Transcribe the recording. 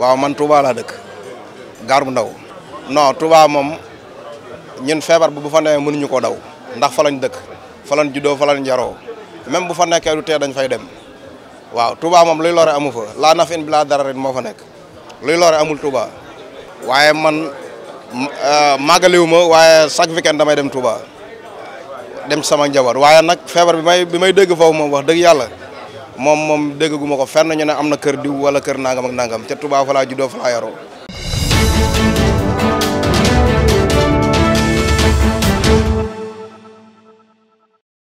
waaw man Touba laa dëkk gaar bu ndaw non Touba moom ñun feebar bu bu fa newee mënuñu ko daw ndax fa lañ dëkk falañ lañ juddoo fa lañ yaroo même bu fa nekkee du tee dañ fay dem waaw Touba moom luy lore amu fa laa nafin bi laa dararin moo fa nekk luy lore amul Touba waaye man euh, màggaliwu ma waaye chaque weekend damay dem Touba dem ci sama waaye nag feebar bi may bi may dégg foofu moom wax dëgg yàlla moom moom déggaguma ko fenn ñu ne am na kër diw wala kër nangam ak nangam te Touba fa laa juddoo fa laa